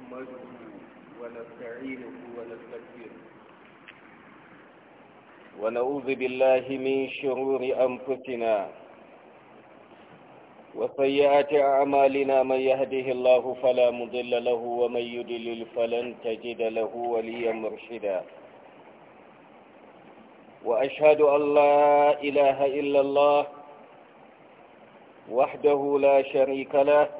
نحمده ونستعينه ونستغفره ونعوذ بالله من شرور أنفسنا وسيئات أعمالنا من يهده الله فلا مضل له ومن يضلل فلن تجد له وليا مرشدا وأشهد أن لا إله إلا الله وحده لا شريك له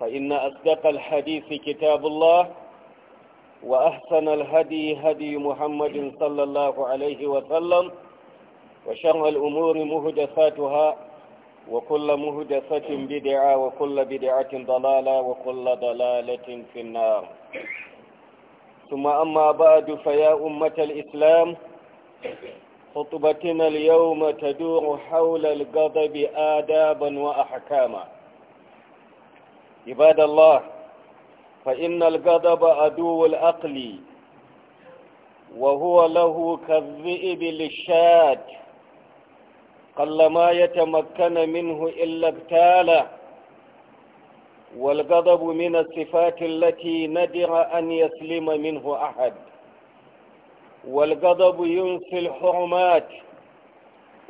فإن أصدق الحديث كتاب الله وأحسن الهدي هدي محمد صلى الله عليه وسلم وشر الأمور مهدفاتها وكل مهدفة بدعة وكل بدعة ضلالة وكل ضلالة في النار ثم أما بعد فيا أمة الإسلام خطبتنا اليوم تدور حول الغضب آدابا وأحكاما عباد الله فإن الغضب أدو العقل وهو له كالذئب للشاة ما يتمكن منه إلا ابتاله والغضب من الصفات التي ندر أن يسلم منه أحد والغضب ينسي الحرمات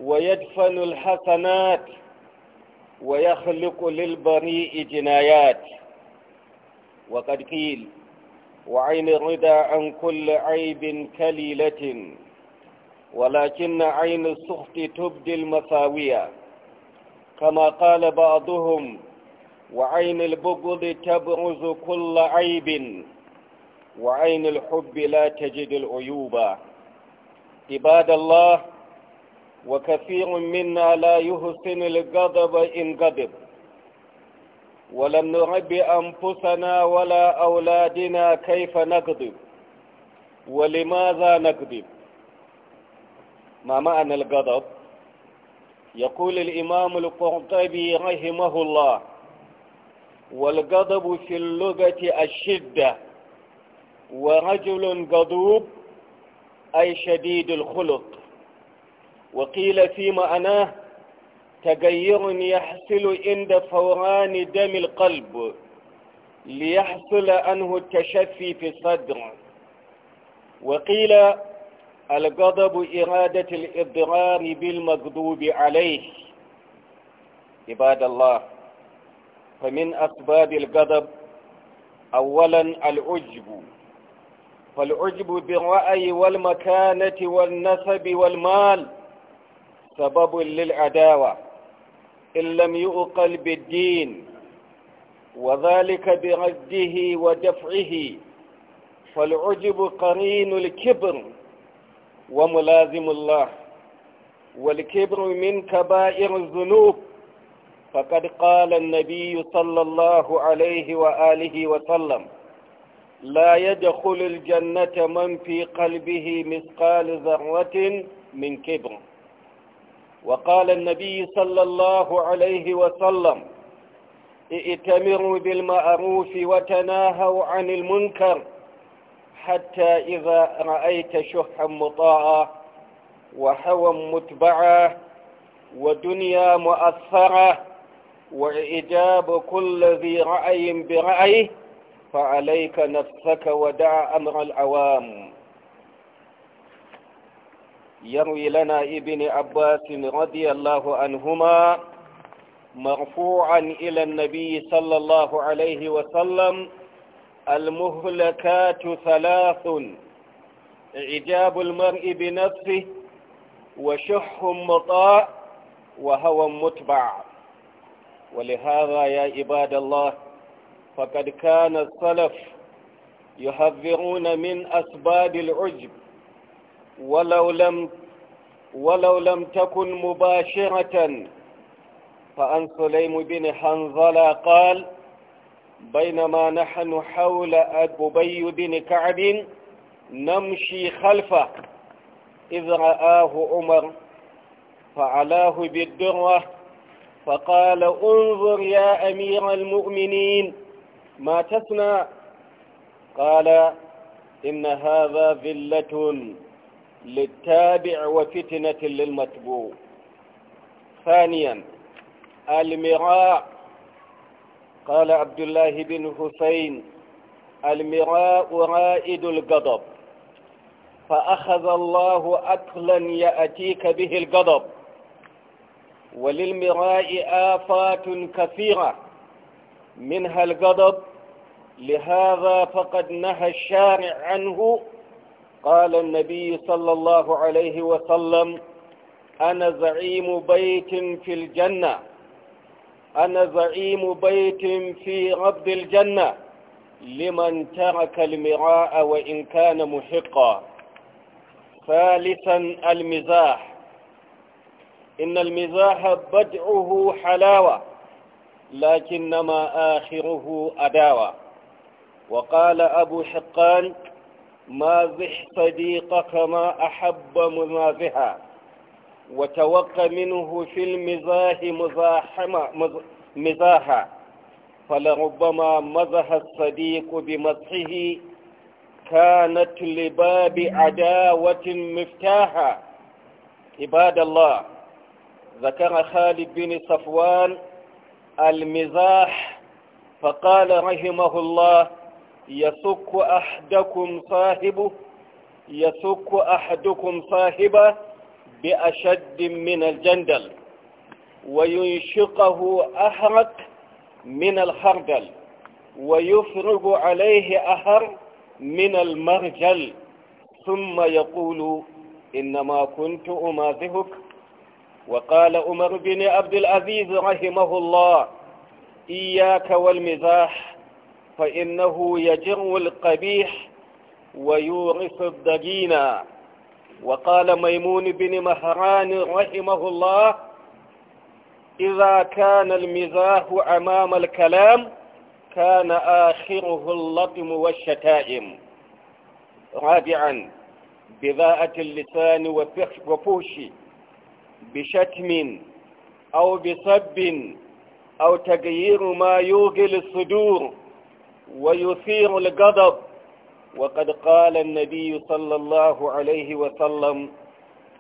ويدفن الحسنات ويخلق للبريء جنايات وقد قيل وعين الرضا عن كل عيب كليلة ولكن عين السخط تبدي المساوية كما قال بعضهم وعين البغض تبرز كل عيب وعين الحب لا تجد العيوب عباد الله وكثير منا لا يحسن الغضب إن غضب ولم نربي أنفسنا ولا أولادنا كيف نكذب ولماذا نكذب ما معنى الغضب يقول الإمام القرطبي رحمه الله والغضب في اللغة الشدة ورجل غضوب أي شديد الخلق وقيل في معناه تغير يحصل عند فوران دم القلب ليحصل عنه التشفي في الصدر وقيل الغضب إرادة الإضرار بالمغضوب عليه عباد الله فمن أسباب الغضب أولا العجب فالعجب بالرأي والمكانة والنسب والمال سبب للعداوة إن لم يؤقل بالدين وذلك برده ودفعه فالعجب قرين الكبر وملازم الله والكبر من كبائر الذنوب فقد قال النبي صلى الله عليه وآله وسلم لا يدخل الجنة من في قلبه مثقال ذرة من كبر وقال النبي صلى الله عليه وسلم ائتمروا بالمعروف وتناهوا عن المنكر حتى إذا رأيت شحا مطاعا وهوى متبعا ودنيا مؤثرة وإجاب كل ذي رأي برأيه فعليك نفسك ودع أمر العوام يروي لنا ابن عباس رضي الله عنهما مرفوعا إلى النبي صلى الله عليه وسلم المهلكات ثلاث عجاب المرء بنفسه وشح مطاع وهوى متبع ولهذا يا عباد الله فقد كان السلف يحذرون من أسباب العجب ولو لم ولو لم تكن مباشرة فعن سليم بن حنظلة قال بينما نحن حول أبي بن كعب نمشي خلفه إذ رآه عمر فعلاه بالدرة فقال انظر يا أمير المؤمنين ما تسنى قال إن هذا ذلة للتابع وفتنة للمتبوع ثانيا المراء قال عبد الله بن حسين المراء رائد الغضب فأخذ الله أكلا يأتيك به الغضب وللمراء آفات كثيرة منها الغضب لهذا فقد نهى الشارع عنه قال النبي صلى الله عليه وسلم أنا زعيم بيت في الجنة أنا زعيم بيت في رب الجنة لمن ترك المراء وإن كان محقا ثالثا المزاح إن المزاح بدعه حلاوة لكنما آخره أداوة وقال أبو حقان مازح صديقك ما أحب مزاحها وتوق منه في المزاح مزاحا فلربما مزح الصديق بمزحه كانت لباب عداوة مفتاحا عباد الله ذكر خالد بن صفوان المزاح فقال رحمه الله يسك أحدكم صاحبه يسك أحدكم صاحبه بأشد من الجندل وينشقه أحرق من الخردل ويفرغ عليه أهر من المرجل ثم يقول إنما كنت أماذهك وقال أمر بن عبد العزيز رحمه الله إياك والمزاح فإنه يجر القبيح ويورث الدجينا وقال ميمون بن مهران رحمه الله إذا كان المزاح أمام الكلام كان آخره اللطم والشتائم رابعا بذاءة اللسان وفحش بشتم أو بسب أو تغيير ما يوغل الصدور ويثير الغضب وقد قال النبي صلى الله عليه وسلم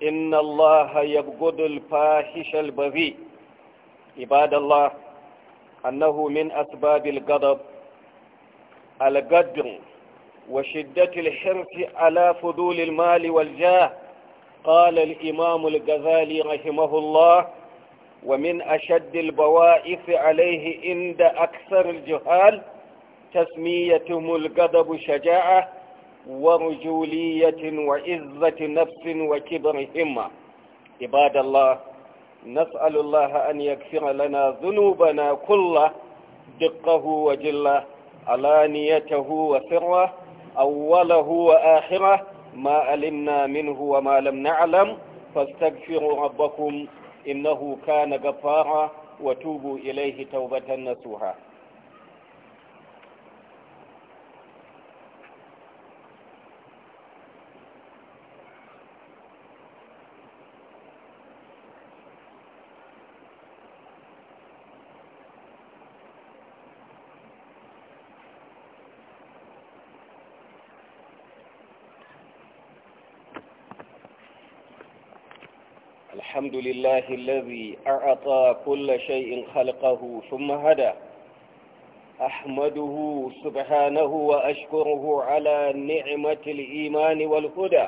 إن الله يبغض الفاحش البذيء عباد الله أنه من أسباب الغضب القدر وشدة الحرص على فضول المال والجاه قال الإمام الغزالي رحمه الله ومن أشد البوائف عليه عند أكثر الجهال تسميتهم الغضب شجاعة ورجولية وعزة نفس وكبر همة عباد الله نسأل الله أن يكفر لنا ذنوبنا كله دقه وجله علانيته وسره أوله وآخره ما علمنا منه وما لم نعلم فاستغفروا ربكم إنه كان غفارا وتوبوا إليه توبة نسوها الحمد لله الذي أعطى كل شيء خلقه ثم هدى أحمده سبحانه وأشكره على نعمة الإيمان والهدى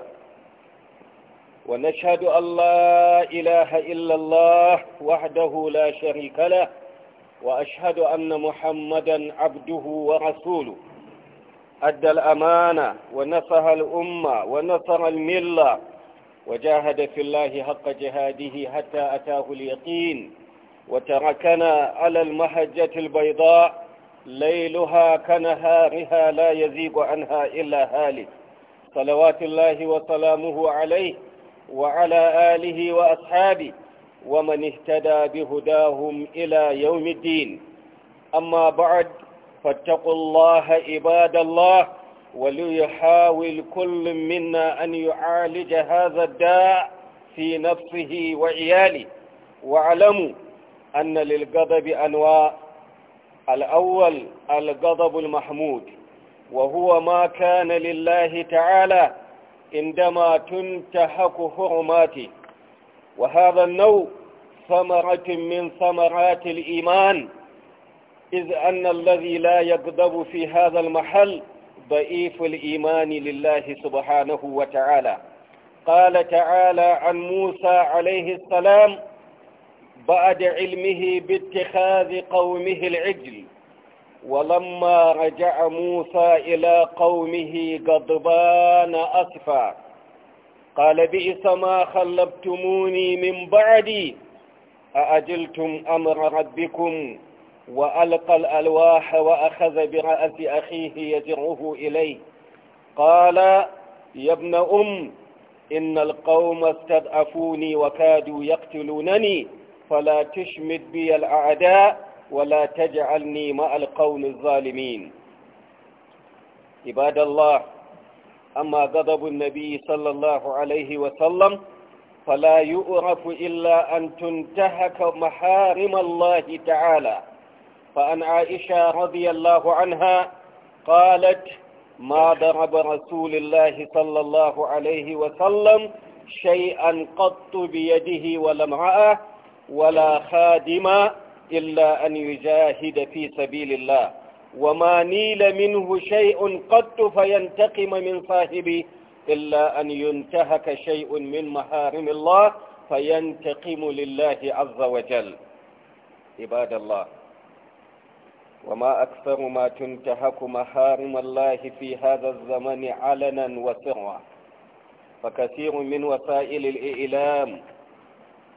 ونشهد أن لا إله إلا الله وحده لا شريك له وأشهد أن محمدا عبده ورسوله أدى الأمانة ونصح الأمة ونصر الملة وجاهد في الله حق جهاده حتى أتاه اليقين وتركنا على المحجة البيضاء ليلها كنهارها لا يزيغ عنها إلا هالك صلوات الله وسلامه عليه وعلى آله وأصحابه ومن اهتدى بهداهم إلى يوم الدين أما بعد فاتقوا الله عباد الله وليحاول كل منا أن يعالج هذا الداء في نفسه وعياله واعلموا أن للغضب أنواع الأول الغضب المحمود وهو ما كان لله تعالى عندما تنتهك حرماته وهذا النوع ثمرة من ثمرات الإيمان إذ أن الذي لا يغضب في هذا المحل ضعيف الإيمان لله سبحانه وتعالى قال تعالى عن موسى عليه السلام بعد علمه باتخاذ قومه العجل ولما رجع موسى إلى قومه غضبان أسفا قال بئس ما خلبتموني من بعدي أأجلتم أمر ربكم وألقى الألواح وأخذ برأس أخيه يجره إليه قال يا ابن أم إن القوم استضعفوني وكادوا يقتلونني فلا تشمت بي الأعداء ولا تجعلني مع القوم الظالمين عباد الله أما غضب النبي صلى الله عليه وسلم فلا يؤرف إلا أن تنتهك محارم الله تعالى فعن عائشة رضي الله عنها قالت ما ضرب رسول الله صلى الله عليه وسلم شيئا قط بيده ولا امرأة ولا خادما إلا أن يجاهد في سبيل الله وما نيل منه شيء قط فينتقم من صاحبه إلا أن ينتهك شيء من محارم الله فينتقم لله عز وجل عباد الله وما أكثر ما تنتهك محارم الله في هذا الزمن علنا وسرا فكثير من وسائل الإعلام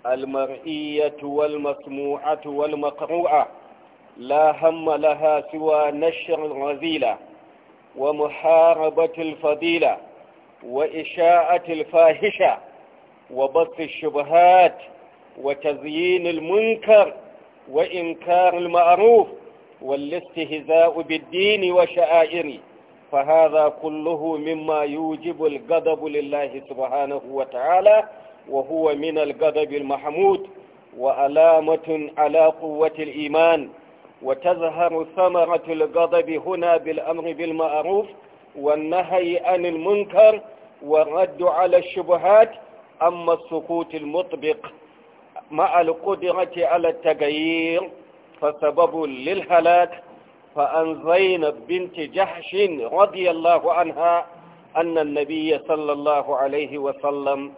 المرئية والمسموعة والمقروعة لا هم لها سوى نشر الرذيلة ومحاربة الفضيلة وإشاعة الفاحشة وبث الشبهات وتزيين المنكر وإنكار المعروف والاستهزاء بالدين وشعائره فهذا كله مما يوجب الغضب لله سبحانه وتعالى وهو من الغضب المحمود وعلامة على قوة الإيمان وتظهر ثمرة الغضب هنا بالأمر بالمعروف والنهي عن المنكر والرد على الشبهات أما السكوت المطبق مع القدرة على التغيير فسبب للهلاك فأن زينب بنت جحش رضي الله عنها أن النبي صلى الله عليه وسلم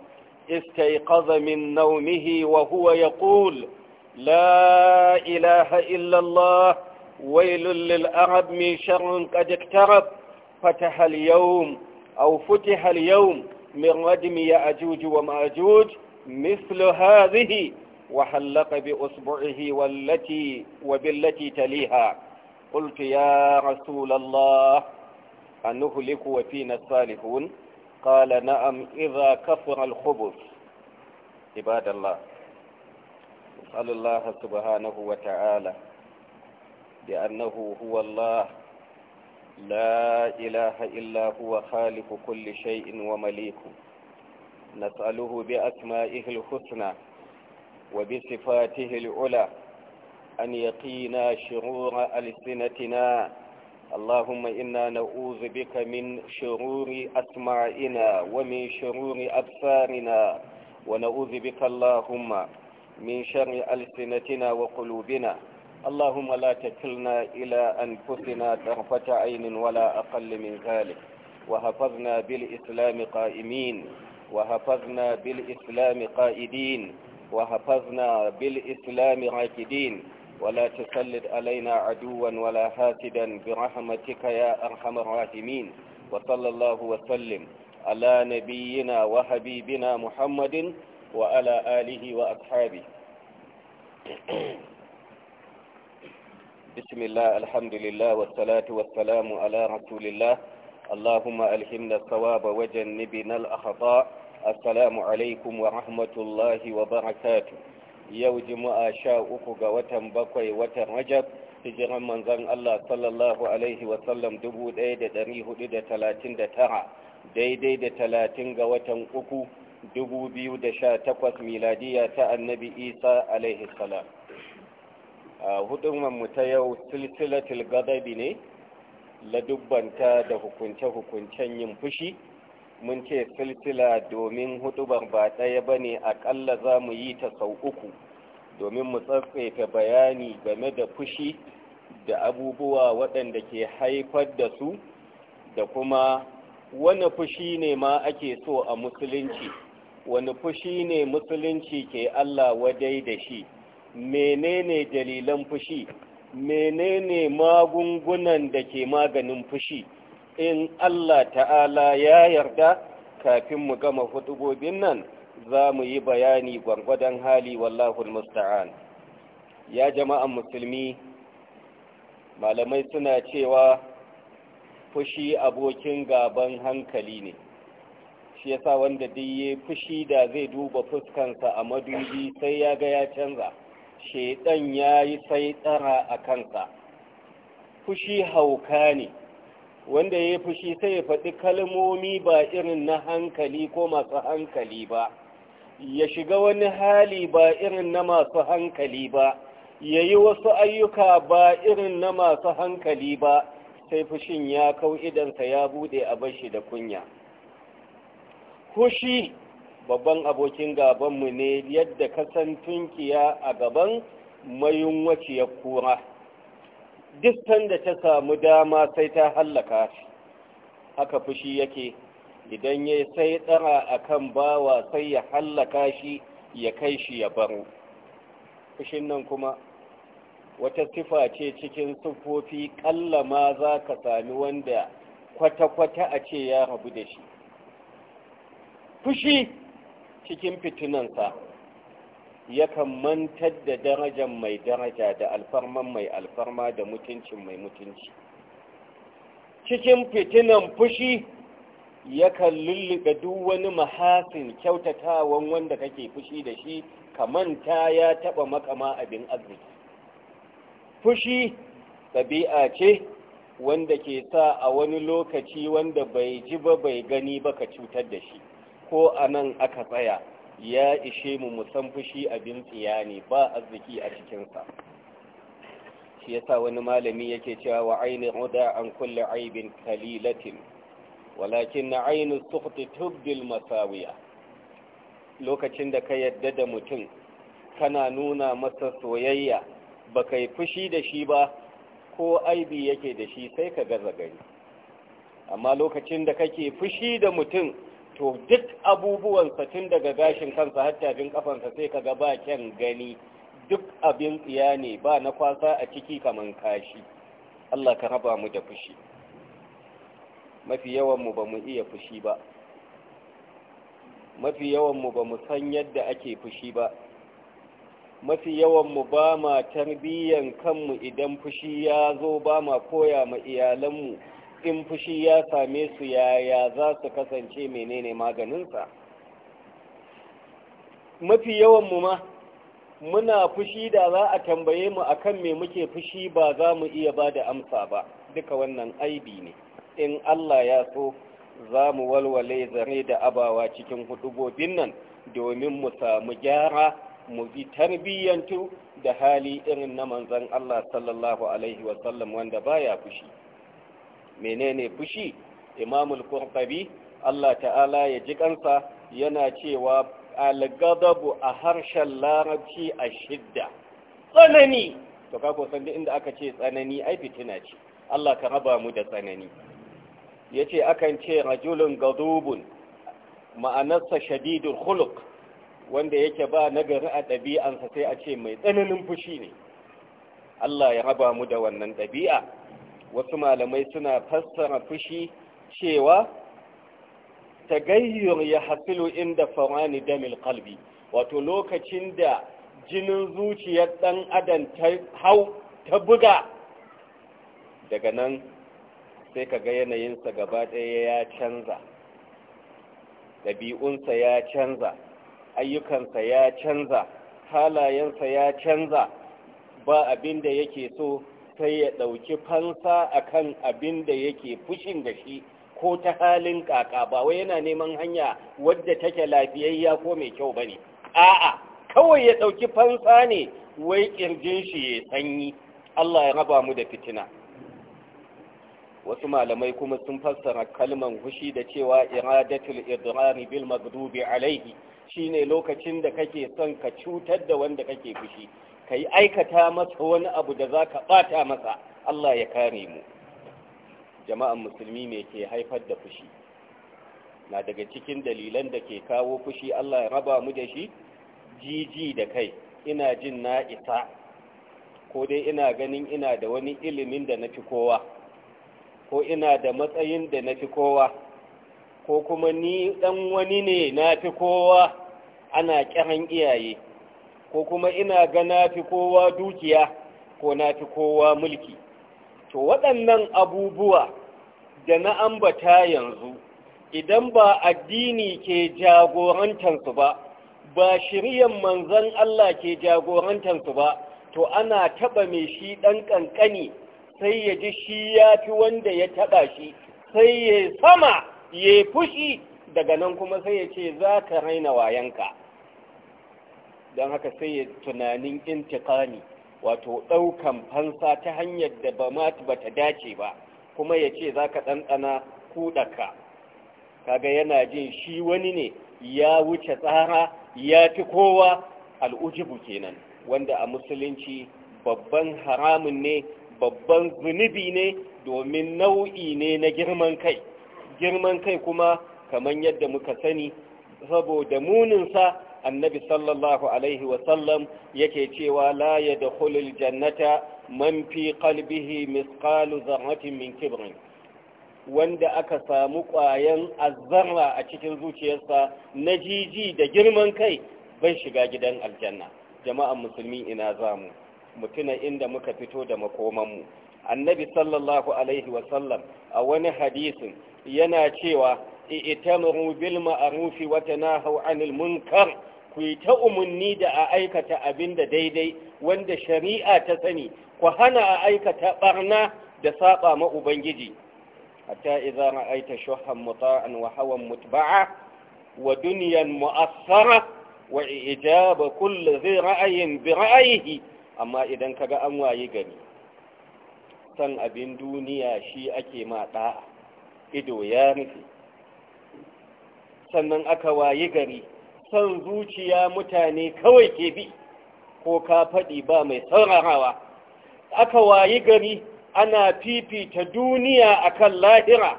استيقظ من نومه وهو يقول لا إله إلا الله ويل للأرب من شر قد اقترب فتح اليوم أو فتح اليوم من ردم يأجوج ومأجوج مثل هذه وحلق بأصبعه والتي وبالتي تليها قلت يا رسول الله أنهلك وفينا الصالحون قال نعم إذا كفر الخبث عباد الله نسأل الله سبحانه وتعالى بأنه هو الله لا إله إلا هو خالق كل شيء ومليك نسأله بأسمائه الحسنى وبصفاته العلى أن يقينا شرور ألسنتنا اللهم إنا نعوذ بك من شرور أسماعنا ومن شرور أبصارنا ونعوذ بك اللهم من شر ألسنتنا وقلوبنا اللهم لا تكلنا إلى أنفسنا طرفة عين ولا أقل من ذلك وحفظنا بالإسلام قائمين وحفظنا بالإسلام قائدين وحفظنا بالإسلام راكدين ولا تسلد علينا عدوا ولا حاسدا برحمتك يا أرحم الراحمين وصلى الله وسلم على نبينا وحبيبنا محمد وعلى آله وأصحابه بسم الله الحمد لله والصلاة والسلام على رسول الله اللهم ألهمنا الصواب وجنبنا الأخطاء assalamu alaikum wa rahmatullahi wa barakatu yau juma'a sha uku ga watan bakwai watan rajab hijiran manzan Allah sallallahu alaihi wasallam dubu ɗaya da ɗari hudu da talatin da tara daidai da talatin ga watan uku dubu biyu da sha takwas miladiya ta annabi isa alaihi salam a hudunmanmu ta yau silsilatul gadabi ne ladubbanta da hukunce-hukuncen yin fushi mun ce silsila domin hudubar ba ɗaya ba ne aƙalla za mu yi ta sau uku domin mu tsatsaita bayani game da fushi da abubuwa waɗanda ke haifar da su da kuma wani fushi ne ma ake so a musulunci wani fushi ne musulunci ke Allah wadai da shi menene dalilan fushi menene magungunan da ke maganin fushi in Allah ta'ala ya yarda kafin mu gama hudubobin nan za mu yi bayani gwargwadon hali wallahul musta'an ya jama'an musulmi malamai suna cewa fushi abokin gaban hankali ne shi yasa wanda duk fushi da zai duba fuskansa a madubi sai ya ga ya canza shedan ya yi sai tsara a kansa fushi hauka ne wanda ya fushi sai ya faɗi kalmomi ba irin na hankali ko masu hankali ba ya shiga wani hali ba irin na masu hankali ba ya yi wasu ayyuka ba irin na masu hankali ba sai fushin ya kau idansa ya bude a bashi da kunya fushi babban abokin gabanmu ne yadda kasan tunkiya a gaban ya kura distan da ta samu dama sai ta hallaka shi haka fushi yake idan ya sai tsara a kan bawa sai ya hallaka shi ya kai shi ya baro fushin nan kuma wata sifa ce cikin siffofi ƙalla ma za ka sami wanda kwata-kwata a ce ya rabu da shi fushi cikin fitinansa yakan mantar da darajar mai daraja da alfarman mai alfarma da mutuncin mai mutunci cikin fitinan fushi yakan lulluɗa duk wani mahasin kyautatawan wanda kake fushi da shi ta ya taɓa makama abin arziki fushi ɗabi'a ce wanda ke sa a wani lokaci wanda bai ji ba bai gani ba ka cutar da shi ko a nan aka tsaya ya ishe mu musan fushi abin tsiya ba arziki a cikinsa shi yasa wani malami yake cewa wa aini uda an kulli aibin kalilatin walakin na aini sukhti tubdil masawiya lokacin da ka yadda da mutum kana nuna masa soyayya baka yi fushi da shi ba ko aibi yake da shi sai ka gaza gari. amma lokacin da kake fushi da mutum to duk abubuwansa tun daga gashin kansa har tafin kafansa sai kaga ba kyan gani duk abin tsiya ne ba na kwasa a ciki kaman kashi Allah ka raba mu da fushi mafi yawan ba mu iya fushi ba mafi yawan ba mu san yadda ake fushi ba mafi yawan mu ba ma tarbiyyan kanmu idan fushi ya zo ba ma koya ma iyalanmu in fushi ya same su yaya za su kasance menene maganinsa mafi mu ma muna fushi da za a tambaye mu akan me muke fushi ba za mu iya ba da amsa ba duka wannan aibi ne in Allah ya so za mu walwale zare da abawa cikin hudubobin nan domin mu samu gyara mu bi tarbiyyantu da hali irin na manzon Allah sallallahu alaihi wasallam wanda baya fushi menene fushi imamul kurkabi Allah ta'ala ya ji kansa yana cewa al a harshen larabci a shidda tsanani to ka san inda aka ce tsanani ai fitina ce Allah ka raba mu da tsanani yace akan ce rajulun gadubun ma'anarsa shadidul khuluq wanda yake ba nagari a ɗabi'ansa sai a ce mai tsananin fushi ne Allah ya raba mu da wannan ɗabi'a wasu malamai suna fassara fushi cewa tagayyur ya hasilu inda farani damil kalbi wato lokacin da jinin zuciyar dan adam ta hau ta buga daga nan sai ka ga yanayinsa gaba ɗaya ya canza ɗabi'unsa ya canza ayyukansa ya canza halayensa ya canza ba abinda da yake so sai ya ɗauki fansa a kan abin da yake fushin da shi ko ta halin kaka ba wai yana neman hanya wadda take lafiyayya ko mai kyau ba ne a'a kawai ya ɗauki fansa ne wai ƙirjin shi ya sanyi Allah ya raba mu da fitina wasu malamai kuma sun fassara kalman hushi da cewa iradatul idrani bil maghdubi alaihi shine lokacin da kake son ka cutar da wanda kake fushi ka yi aikata masa wani abu da za ka ɓata masa Allah ya kare mu jama'an musulmi ne ke haifar da fushi na daga cikin dalilan da ke kawo fushi Allah ya raba mu da shi jiji da kai ina jin na isa ko dai ina ganin ina da wani ilimin da na fi kowa ko ina da matsayin da na fi kowa ko kuma ni dan wani ne na fi kowa ana kiran iyaye ko kuma ina ga na fi kowa dukiya ko na fi kowa mulki to waɗannan abubuwa da na ambata yanzu idan ba addini ke jagorantansu ba ba shiryan manzan Allah ke jagorantansu ba to ana taɓa mai shi ɗan ƙanƙani sai ya ji shi ya fi wanda ya taɓa shi sai ya sama ya fushi daga nan kuma sai ya ce za ka raina wayanka don haka sai ya tunanin intiqami wato ɗaukan fansa ta hanyar da ba ma ba ta dace ba kuma ya ce za ka ɗanɗana kuɗaka kaga yana jin shi wani ne ya wuce tsara ya fi kowa al'ujibu kenan wanda a musulunci babban haramun ne babban zunubi ne domin nau'i ne na girman kai girman kai kuma kamar yadda muka sani saboda muninsa annabi sallallahu alaihi wasallam yake cewa la da hulul jannata man fi kalbihi misqalu zarratin min kibrin wanda aka samu ƙwayan azzarra a cikin zuciyarsa na jiji da girman kai bai shiga gidan aljanna jama'an musulmi ina zamu mutuna inda muka fito da makomanmu annabi sallallahu alaihi wasallam a wani hadisin yana cewa i'tamru bil ma'ruf wa tanahu 'anil munkar ku yi ta umarni da a aikata abin da daidai wanda shari'a ta sani ku hana a aikata barna da saba ma ubangiji hatta idza ra'aita shuhan muta'an wa hawan mutba'a wa dunyan mu'assara wa ijaba kulli dhi ra'ayin bi ra'ayihi amma idan kaga an waye gari san abin duniya shi ake ma ɗa'a, ido ya rufe sannan aka waye gari son zuciya mutane kawai ke bi ko ka faɗi ba mai saurarawa aka wayi gari ana fifita duniya akan lahira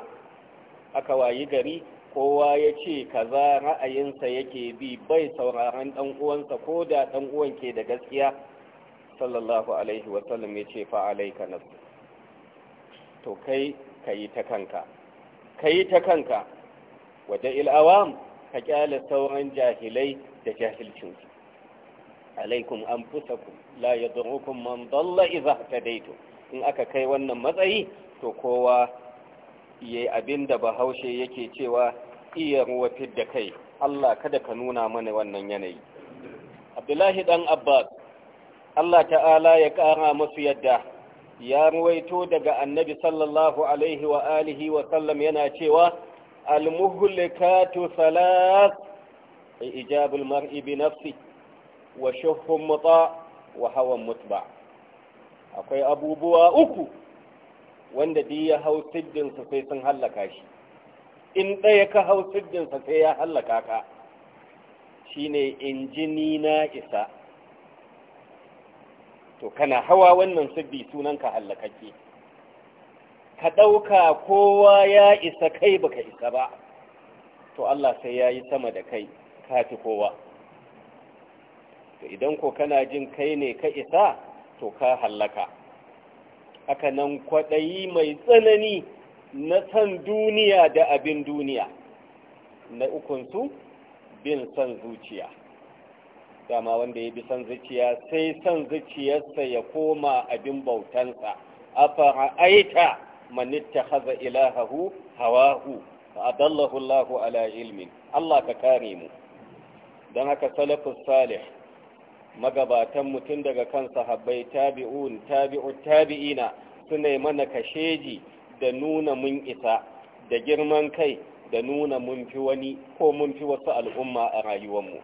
aka wayi gari kowa ya ce kaza ra'ayinsa yake bi bai sauraron ɗan uwansa ko da ɗan uwan ke da gaskiya sallallahu alaihi wasallam ya ce fa'alaika su. to kai ka yi ta kanka ka yi ta kanka wadda il'awam ka kyale sauran jahilai da jahilcin su alaikum an fusaku la ya zurukun man dalla iza ta daito in aka kai wannan matsayi to kowa ya abin da bahaushe yake cewa iya ruwa da kai Allah kada ka nuna mana wannan yanayi abdullahi dan abbas Allah ta'ala ya ƙara masu yadda ya ruwaito daga annabi sallallahu alaihi wa alihi wa sallam yana cewa المهلكات ثلاث إيجاب المرء بنفسه hawan مطاع وهوى متبع akwai abubuwa uku wanda di ya hau siddinsa sai sun hallaka shi in ɗaya ka hau siddinsa sai ya hallaka ka shine injini na isa to kana hawa wannan siddi sunanka hallakake ka ɗauka kowa ya isa kai baka isa ba to Allah sai ya yi sama da kai kafi kowa to idan ko kana jin kai ne ka isa to ka hallaka aka nan kwaɗayi mai tsanani na san duniya da abin duniya na ukunsu bin san zuciya dama wanda ya bi san zuciya sai san zuciyarsa ya koma abin bautansa fara aita man ittakhadha ilahahu hawahu fa adallahu allahu ala ilmin Allah ka kare mu dan haka salafus salih magabatan mutun daga kan sahabbai tabi'un tabi'ut tabi'ina suna mana kasheji da nuna mun isa da girman kai da nuna mun fi wani ko mun fi wasu al'umma a mu.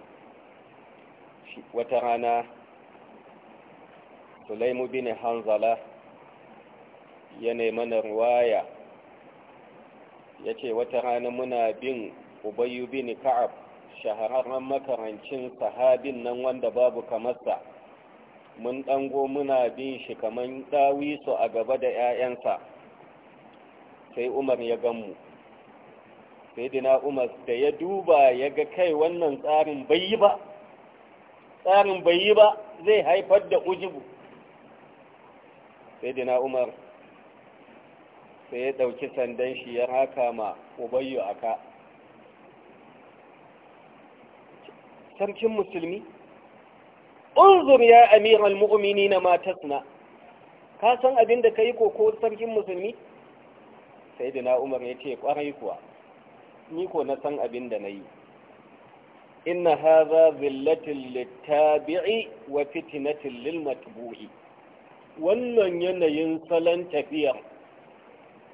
wata rana sulaimu bin hanzala ya na ruwaya ya ce wata rana muna bin ubayu bin ka'ab shahararren makarancin sahabin nan wanda babu kamarsa mun ɗango muna bin shi kamar ɗawisu a gaba da 'ya'yansa sai umar ya ganmu sai dina umar da ya duba ya ga kai wannan tsarin bai yi ba tsarin bai yi ba zai haifar da ujibu sai dina umar sai ya ɗauki sandan shi ya haka ma ubayyu aka sarkin musulmi unzur ya amiral mu'mini na matasna ka san abin da ka yi koko sarkin musulmi sai dina umar ya ce kwarai kuwa ni ko na san abin da na yi inna haza zillatin littabi'i wa fitinatin lil matbu'i wannan yanayin salon tafiyar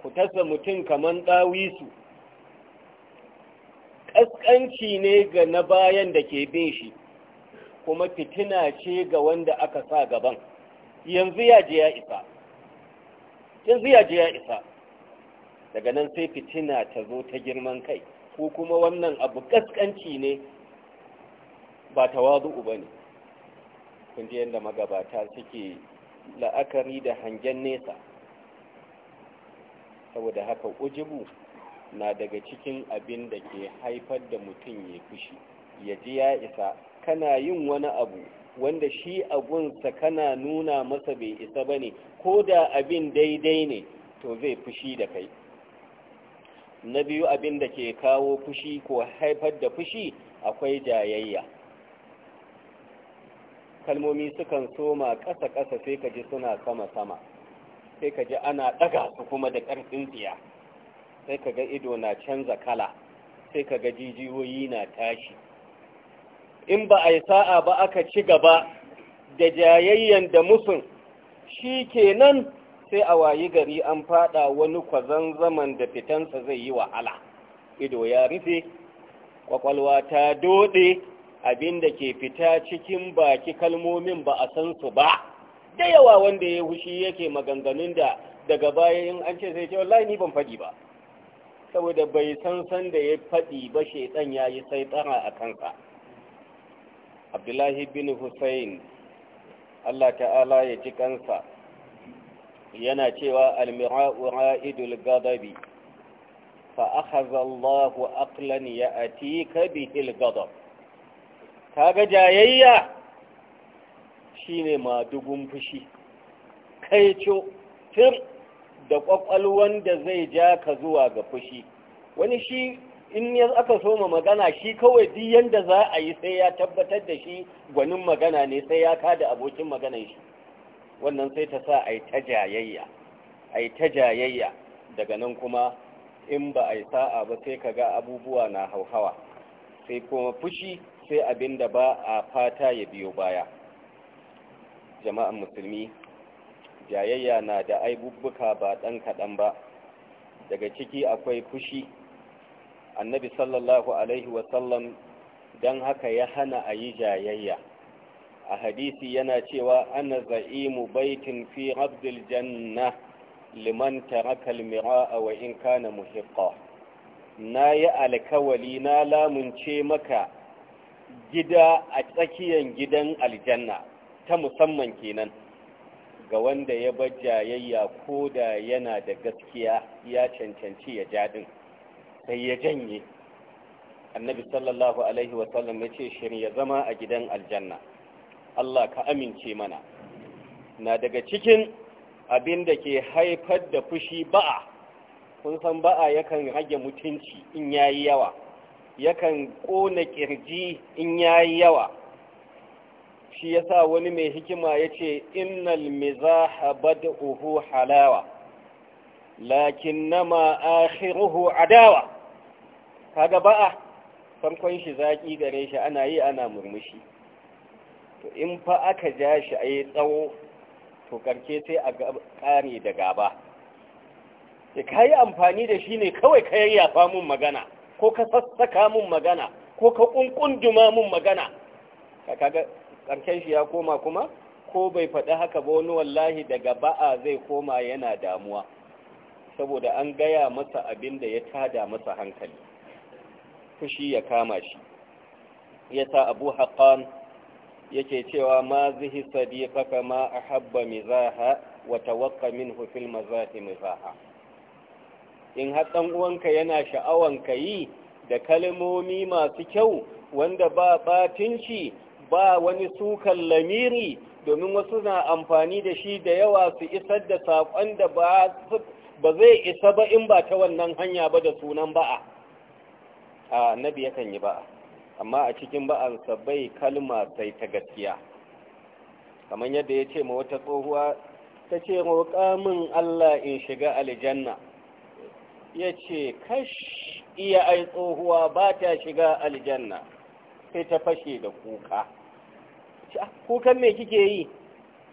ku tasa mutum kaman ɗawisu ƙasƙanci ne ga na bayan da ke bin shi kuma fitina ce ga wanda aka sa gaban yanzu ya je ya isa yanzu ya ya isa daga nan sai fitina ta zo ta girman kai ko kuma wannan abu ƙasƙanci ne ba ta wazu uba ne kun ji yadda magabata suke la'akari da hangen nesa saboda haka ujibu na daga cikin abin da ke haifar da mutum ya fushi ya ji ya isa kana yin wani abu wanda shi abunsa kana nuna masa bai isa ba ne ko da abin daidai ne to zai fushi da kai na biyu abin da ke kawo fushi ko haifar da fushi akwai jayayya kalmomi sukan soma ƙasa-ƙasa sai ka ji suna sama-sama sai ka ji ana ɗaga su kuma da ƙarfin tsiya sai ka ga ido na canza kala sai ka ga jijiyoyi na tashi in ba a yi sa'a ba aka ci gaba da jayayyen da musun shi kenan sai a wayi gari an fada wani kwazon zaman da fitansa zai yi wahala ido ya rufe kwakwalwa ta doɗe, abinda ke fita cikin baki kalmomin ba a san su ba da yawa wanda ya hushi yake maganganun da daga bayan an ce sai ce wallahi ni ban faɗi ba saboda bai san san da ya faɗi ba shaitan ya yi sai tsara a kansa abdullahi bin hussein allah ta'ala ya ci kansa yana cewa almira'u ra'idul gadabi fa akhadha Allahu aqlan ya'tika bihil ghadab kaga jayayya shine madugun fushi kai tir da kwakwalwan da zai ja ka zuwa ga fushi wani shi in ya aka ma magana shi kawai duk yanda za a yi sai ya tabbatar da shi gwanin magana ne sai ya kada abokin maganan shi wannan sai ta sa a yi ta jayayya a yi ta jayayya daga nan kuma in ba a yi sa'a ba sai ka ga abubuwa na hauhawa sai kuma fushi sai abin da ba a fata ya biyo baya jama'an musulmi jayayya na da aibubbuka ba ɗan kaɗan ba daga ciki akwai fushi annabi sallallahu alaihi wasallam don haka ya hana a yi jayayya a hadisi yana cewa ana za'imu baitin fi abdul janna liman taraka almira'a wa in kana muhiqqa na yi alkawali na lamunce maka gida a tsakiyar gidan aljanna ta musamman kenan ga wanda ya bar jayayya ko da yana da gaskiya ya cancanci ya jaɗin sai ya janye annabi sallallahu alaihi wasallam ya ce shirin ya zama a gidan aljanna Allah ka amince mana na daga cikin abin da ke haifar da fushi ba'a kun san ba'a yakan rage mutunci in yayi yawa yakan ƙona ƙirji in yayi yawa shi yasa wani mai hikima yace innal mizaha bad'uhu halawa lakinnama akhiruhu adawa kaga ba'a farkon shi zaki gare shi ana yi ana murmushi to in fa aka ja shi a yi tsawo to karke sai a kare da gaba sai kai amfani da shi ne kawai ka yayyafa mun magana ko ka sassaka mun magana ko ka kunkunduma mun magana kaga ƙarshen shi ya koma kuma ko bai faɗi haka ba wani wallahi daga ba'a zai koma yana damuwa saboda an gaya masa abin da ya tada masa hankali fushi ya kama shi ya sa abu haƙan yake cewa ma zihi faka ma habba mizaha wa tawaqqa minhu fil mazahi mizaha in har uwanka yana sha'awan ka yi da kalmomi masu kyau wanda ba batinci ba wani sukan lamiri domin wasu na amfani da shi da yawa su isar da saƙon da ba zai isa ba in ba ta wannan hanya ba da sunan ba'a a nabi yakan yi ba'a amma a cikin ba'ansa bai kalma sai ta gaskiya kamar yadda ya ce ma wata tsohuwa ta ce roƙa min Allah in shiga aljanna ya ce kash iya ai tsohuwa ba ta shiga aljanna sai ta fashe da kuka kukan me kike yi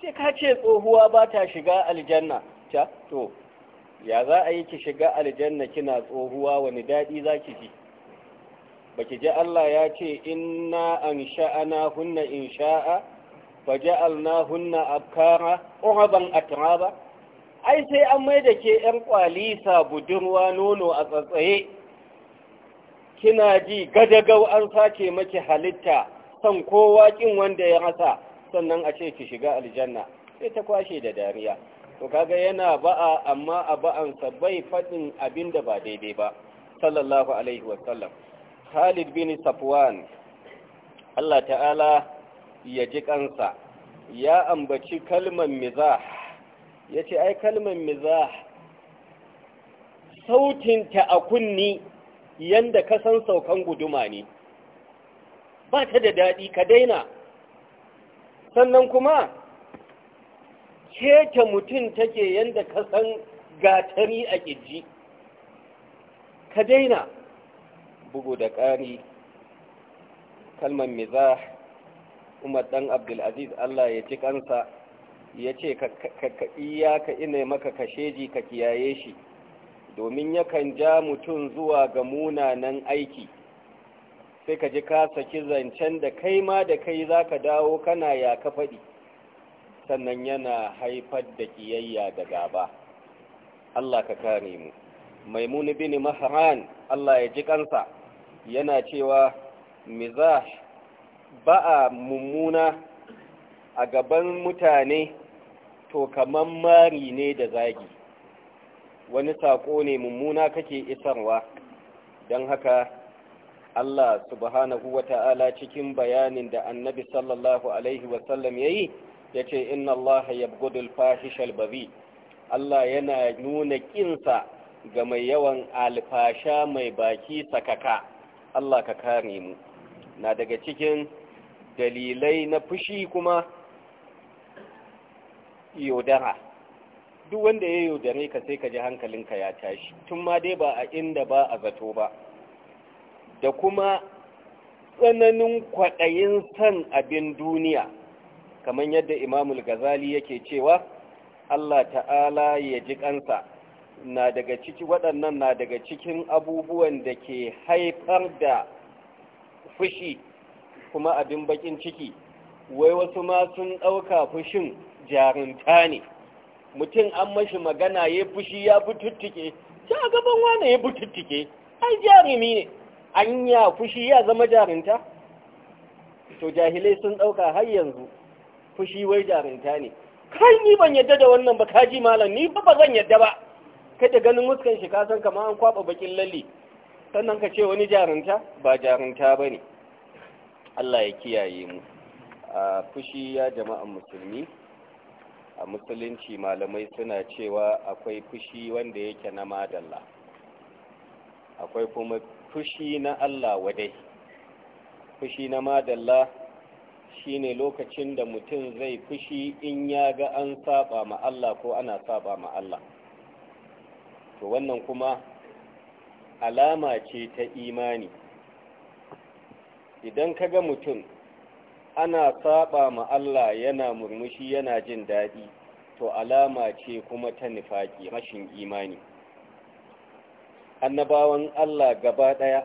sai ka ce tsohuwa ba ta shiga aljanna ta to ya za a yi ki shiga aljanna kina tsohuwa wani daɗi za ki ji baki ji Allah ya ce inna an sha'ana hunna in sha'a faja'alna hunna abkara uraban ba? ai sai an mai da ke ƴan kwalisa budurwa nono a tsatsaye kina ji gadagau an sake maki halitta son kowa kin wanda ya rasa sannan a ce ki shiga aljanna sai ta kwashe da dariya to kaga yana ba'a amma a ba'ansa bai faɗin abinda ba daidai ba sallallahu alaihi wasallam Khalid bin Safwan Allah ta'ala ya ji kansa ya ambaci kalmar mizah yace ai kalmar mizah sautinta a kunni yanda ka san saukan guduma ne ba ta da daɗi ka daina sannan kuma keke mutum take yadda ka san gatari a ƙirji ka daina bugu da ƙari kalmar mizah umar ɗan abdulaziz allah ya ci kansa ya ce ka ka ina maka kasheji ka kiyaye shi domin yakan ja mutum zuwa ga munanan aiki sai ka ji ka saki zancen da kai ma da kai za ka dawo kana ya ka faɗi sannan yana haifar da ƙiyayya da gaba Allah ka kare mu maimuni bin mahran Allah ya ji kansa yana cewa mizah a mummuna a gaban mutane to kaman mari ne da zagi wani sako ne mummuna kake isarwa don haka Allah subhanahu wa ta'ala cikin bayanin da annabi sallallahu Alaihi wasallam ya yi ya ce inna Allah ya gudul fahishal babi Allah yana nuna ƙinsa ga mai yawan alfasha mai baki sakaka Allah ka kare mu na daga cikin dalilai na fushi kuma yaudara duk wanda ya yaudare ka sai ka ji hankalinka ya tashi tun ma dai ba a inda ba a zato ba da kuma tsananin kwaɗayin san abin duniya kamar yadda imamul gazali yake cewa Allah ta'ala ya ji ƙansa na daga ciki waɗannan na daga cikin abubuwan da ke haifar da fushi kuma abin bakin ciki wai wasu ma sun ɗauka fushin jarinta ne mutum an mashi magana ya fushi ya bututtuke ta gaban wane ya bututtuke ai jarumi ne anya fushi ya zama jarinta to jahilai sun ɗauka har yanzu fushi wai jarinta ne kai ni ban yadda da wannan ba kaji malam ni ba ba zan yadda ba kai da ganin muskan shi kasan kama an kwaba bakin lalle sannan ka ce wani jarinta ba jarinta ba ne Allah ya kiyaye mu a fushi ya jama'an musulmi a musulunci malamai suna cewa akwai fushi wanda yake na madalla akwai kuma fushi na Allah wadai fushi na madalla shine lokacin da mutum zai fushi in ya ga an saba ma Allah ko ana saba ma Allah to wannan kuma alama ce ta imani idan ka ga mutum ana saba ma Allah yana murmushi yana jin daɗi to alama ce kuma ta nufaƙi rashin imani annabawan Allah gaba ɗaya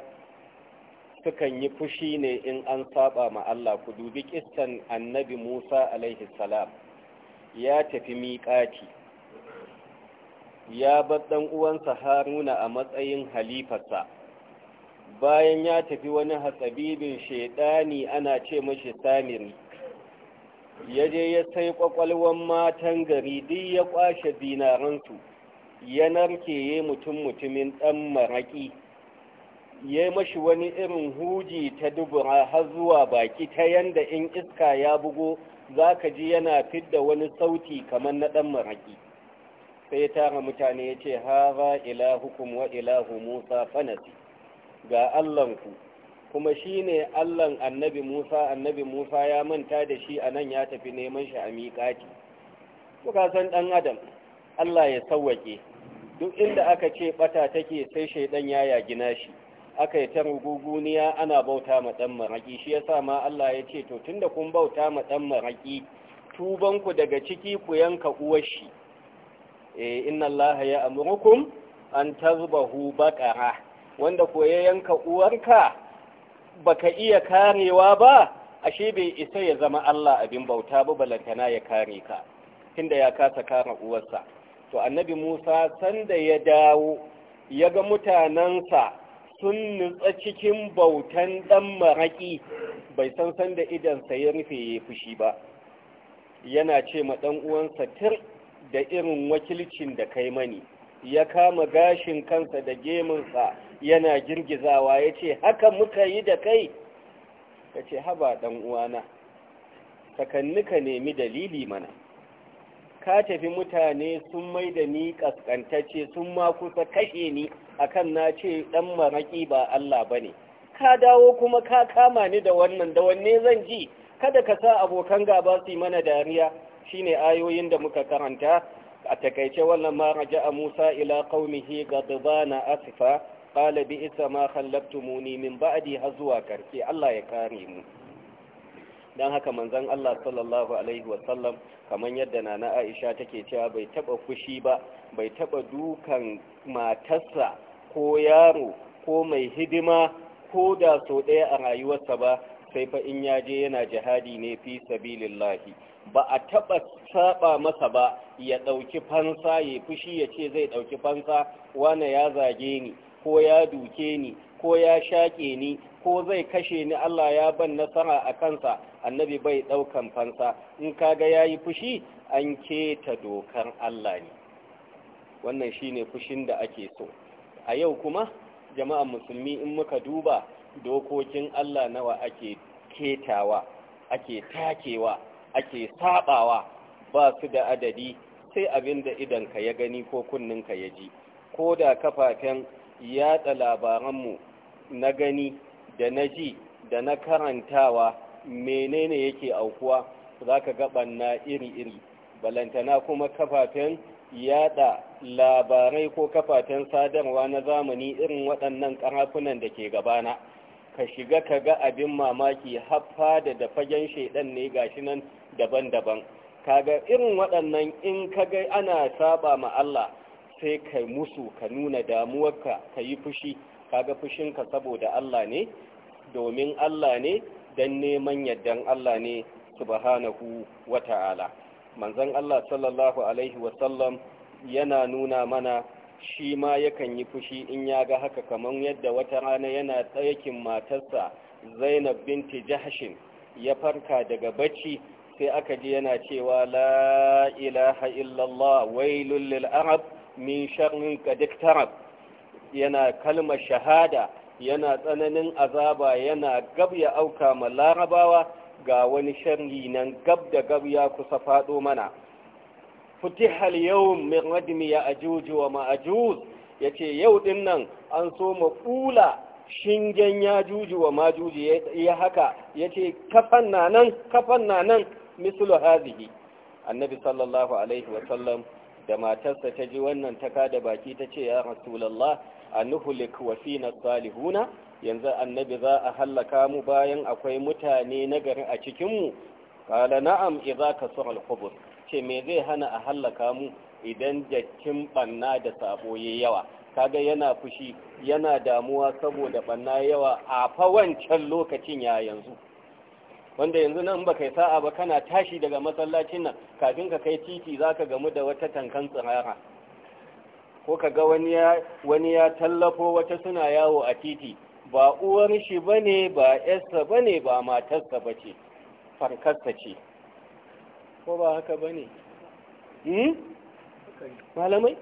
sukan yi fushi ne in an saba ma Allah ku dubi kissan annabi Musa alaihi salam ya tafi miƙati ya bar ɗan uwansa Haruna a matsayin halifarsa bayan ya tafi wani hatsabibin shaidani ana ce mashi samir ya je ya sai kwakwalwan matan gari duk ya kwashe dinaransu ya narke mutum mutumin ɗan maraƙi ya mashi wani irin huji ta dubura har zuwa baki ta yanda in iska ya bugo za ka ji yana fidda wani sauti kamar na ɗan maraƙi sai tara mutane ya ce hara ilahukum wa ilahu musa fanasi ga allahnku kuma shi ne allahn annabi musa annabi musa ya manta da shi a nan ya tafi neman shi a miƙati kuka san ɗan adam allah ya sauwaƙe duk inda aka ce bata take sai shaidan ya yagina shi aka yi ta ruguguniya ana bauta ma dan maraki shi yasa ma Allah ya ce to tunda kun bauta ma dan maraki tuban ku daga ciki ku yanka uwar shi eh inna Allah ya amurukum an tazbahu baqara wanda ko ya yanka uwarka baka iya karewa ba ashe bai isa ya zama Allah abin bauta ba balantana ya kare ka tunda ya kasa kare uwarsa to annabi musa sanda ya dawo ya ga mutanensa sun nutsa cikin bautan ɗan maraƙi bai san sanda idansa ya rufe ya fushi ba yana ce ma ɗan uwansa tir da irin wakilcin da kai mani ya kama gashin kansa da gemunsa yana girgizawa ya ce haka muka yi da kai ya ce haba ɗan uwana sakanni ka nemi dalili mana ka tafi mutane sun mai da ni kaskantacce sun ma kusa kashe ni akan na ce ɗan maraƙi ba Allah ba ne ka dawo kuma ka kama ni da wannan da wanne zan ji kada ka sa abokan gaba su mana dariya shine ayoyin da muka karanta a takaice wannan ma a Musa ila qaumihi na asifa Ƙalabi, bi isa ma min ba'di har zuwa karke Allah ya kare mu don haka manzon Allah sallallahu alaihi wasallam kamar yadda nana Aisha take cewa bai taba fushi ba bai taba dukan matarsa ko yaro ko mai hidima ko da so ɗaya a rayuwarsa ba sai fa in ya je yana jihadi ne fi sabilillahi ba a taba saba masa ba ya ɗauki fansa ya fushi ya ce zai ɗauki fansa wane ya zage ni ko ya duke ni ko ya shaƙe ni ko zai kashe ni Allah ya ban nasara a kansa annabi bai ɗaukan fansa in kaga ya yi fushi an keta dokar Allah ne wannan shine fushin da ake so a yau kuma jama'an musulmi in muka duba dokokin Allah nawa ake ketawa ake takewa ake saɓawa ba su da adadi sai abin da idanka ya gani ko ka ya ji ko da kafafen labaran labaranmu na gani da na ji da na karantawa menene yake aukuwa za ka na iri-iri balantana kuma kafafen yada labarai ko kafafen sadarwa na zamani irin waɗannan ƙarafunan da ke gabana ka shiga ka ga abin mamaki haffa da da fagen shaidan ne gashi nan daban-daban kaga irin waɗannan in ka ga ana saba ma Allah sai ka musu ka nuna damuwarka ka yi fushi kaga fushinka saboda Allah ne domin Allah ne dan neman yaddan Allah ne subhanahu wata'ala manzon Allah sallallahu alaihi wasallam yana nuna mana shi ma yakan yi fushi in ya ga haka kamar yadda wata rana yana tsayakin matarsa zainab binti jahashin ya farka daga bacci sai aka ji yana cewa la ilaha illallah wailul lil arab min sharri qad iktarab yana kalma shahada yana tsananin azaba yana gab ya auka ma larabawa ga wani sharri nan gab da gab ya kusa fado mana futihal yau min radmi ya ajuju wa ma'ajuz ya ce yau din nan an so ma kula shingen ya juju wa majuji ya haka ya ce kafan na nan kafan na nan mislu hazihi annabi sallallahu alaihi wasallam da matarsa ta ji wannan taka da baki ta ce ya rasulullah a nuhulik wa fina salihuna yanzu annabi za a hallaka mu bayan akwai mutane nagari a cikinmu kala na'am idza kasara al ce me zai hana a hallaka mu idan jakin banna da sabo yayi yawa kaga yana fushi yana damuwa saboda banna yawa a fa wancan lokacin ya yanzu wanda yanzu nan ba kai sa'a ba kana tashi daga masallacin nan kafin ka kai titi zaka gamu da wata tankan tsirara ko ka ga wani ya tallafo wata suna yawo a titi ba uwar shi bane ba yarsa bane ba matarsa bace farkarsa ce ko ba haka bane hmm? malamai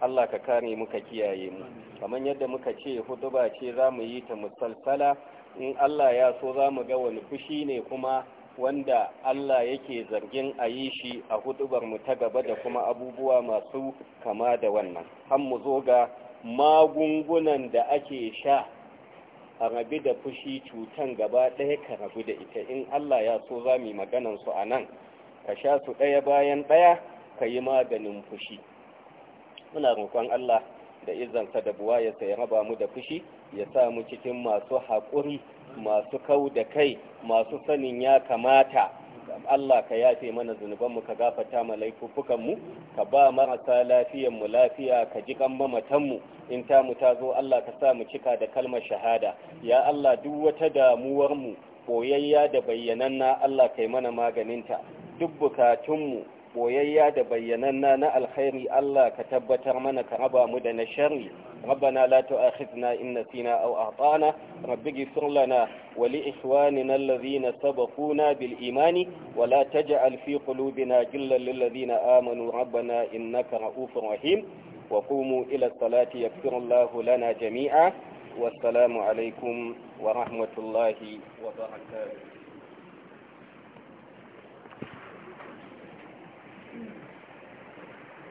Allah ka kare muka kiyaye mu kamar yadda muka ce huduba ce za mu yi ta musalsala in Allah ya so za mu ga wani fushi ne kuma wanda Allah yake zargin a yi shi a hudubar ta gaba da kuma abubuwa masu kama da wannan har mu zo ga magungunan da ake sha a rabi da fushi cutan gaba ɗaya ka rabu da ita in Allah ya so za mu maganan su a nan ka sha su ɗaya bayan ɗaya ka yi maganin fushi muna roƙon Allah da izansa da buwa ya raba mu da fushi ya sa mu cikin masu haƙuri masu kau da kai masu sanin ya kamata Allah ka yafe mana zunubanmu ka gafata mu laifukanmu ka ba marasa lafiyar mu lafiya ka ji kan mu in ta mu ta zo Allah ka sa mu cika da kalmar shahada ya Allah duk wata damuwar mu koyayya da bayyananna Allah kai mana maganinta duk bukatunmu boyayya da bayyananna na alkhairi Allah ka tabbatar mana ka raba mu da na sharri ربنا لا تؤاخذنا إن نسينا أو أعطانا رب اغفر لنا ولإخواننا الذين سبقونا بالإيمان ولا تجعل في قلوبنا جلا للذين آمنوا ربنا إنك رؤوف رحيم وقوموا إلى الصلاة يغفر الله لنا جميعا والسلام عليكم ورحمة الله وبركاته